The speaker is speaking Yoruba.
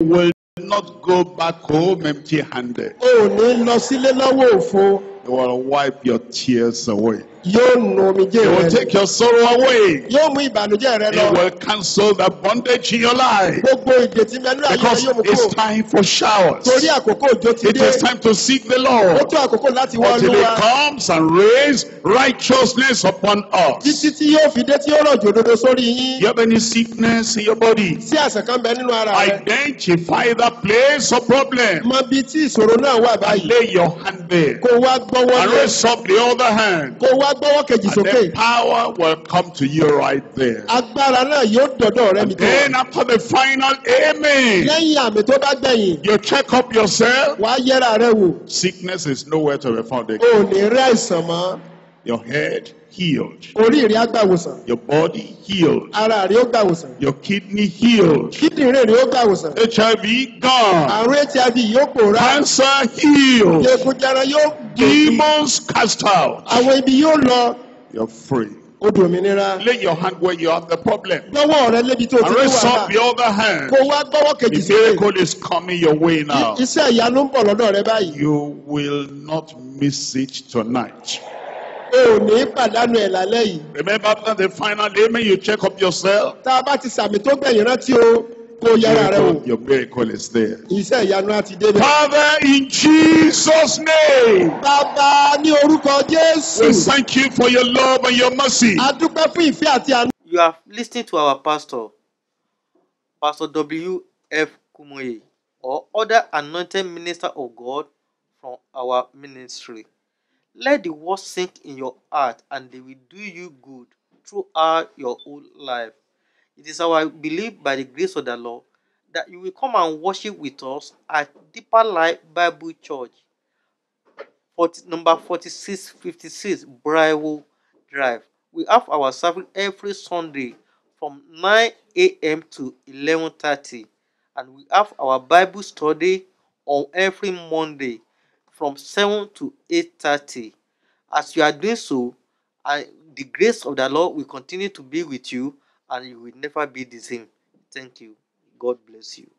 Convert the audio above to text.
will not go back home empty handed. O ò ní lọ sílé lọ́wọ́ òfo. They will wipe your tears away. Yóò nu omijé rẹ. He will take your sorrow away. Yóò mú ìbànújẹ́ rẹ lọ. He will cancel the bondage in your life. Gbogbo ìgbètí mẹ́lú ayé yóò mú kó. Because it's time for showers. Torí àkókò òjò ti dé. It is time to seek the Lord. Ó tó àkókò láti wá Olúwa. Until he comes and raise righteousness upon us. Títí tí yóò fi dé tí yóò rọ̀jò òdodo sórí yín. You have any sickness in your body? Sí àṣà kan bẹ nínú ara rẹ. Identify that place of problem. Mọ bí tí ìṣòro náà wà báyìí. Lay your hand there. Kò wá gbọ́wọ́ lé. Arraise up the other hand. Kò wá gbọ́wọ́ kejì sókè. and the power will come to you right there. agbára náà yóò dọ̀dọ̀ rẹ mi tó. then after the final amen. lẹ́yìn àmì tó bá gbẹ̀yìn. you check up yourself. wàá yẹra rẹ wò. sickness is nowhere to be found again. o ò ní rí àìsàn mọ́. Your head healed. Orí rẹ̀ á Your body healed. Ara rẹ̀ ó gbà Your kidney healed. Kídìnrín rẹ̀ ó gbà HIV gone. Àrùn HIV yóò pòórá. Cancer healed. Jẹ̀gùjẹ̀rẹ̀ yóò gbòdì. Demons cast out. Àwọn ibi yóò lọ. You're free. O dùn Lay your hand where you have the problem. Gbọ́wọ́ rẹ lébi tó ti ní wàhálà. Raise up your other hand. Kò wá gbọ́wọ́ kejì sí i. The miracle is coming your way now. Iṣẹ́ ìyanu ń bọ̀ lọ́dọ̀ rẹ báyìí. You will not miss it tonight o pàdánù ẹ̀ lálẹ́ yìí. remember after the final day may you check up yourself. tá a bá ti sàmì tó gbẹ̀yìn rántí o kó yára rẹ o. your miracle is there. iṣẹ́ ìyanu á ti débẹ̀. father in Jesus name. bàbá ní orúkọ Jésù. we thank you for your love and your mercy. a dúpẹ́ fún ìfẹ́ àti àánú. you are listening to our pastor pastor W. F. Kumoye or other anointed minister of God from our ministry. Let the word sink in your heart and they will do you good throughout your whole life. It is our belief by the grace of the Lord that you will come and worship with us at Deeper Life Bible Church, 40, number 4656 Briarwood Drive. We have our service every Sunday from 9 a.m. to 11.30 and we have our Bible study on every Monday from 7 to 8.30. As you are doing so, I, the grace of the Lord will continue to be with you and you will never be the same. Thank you. God bless you.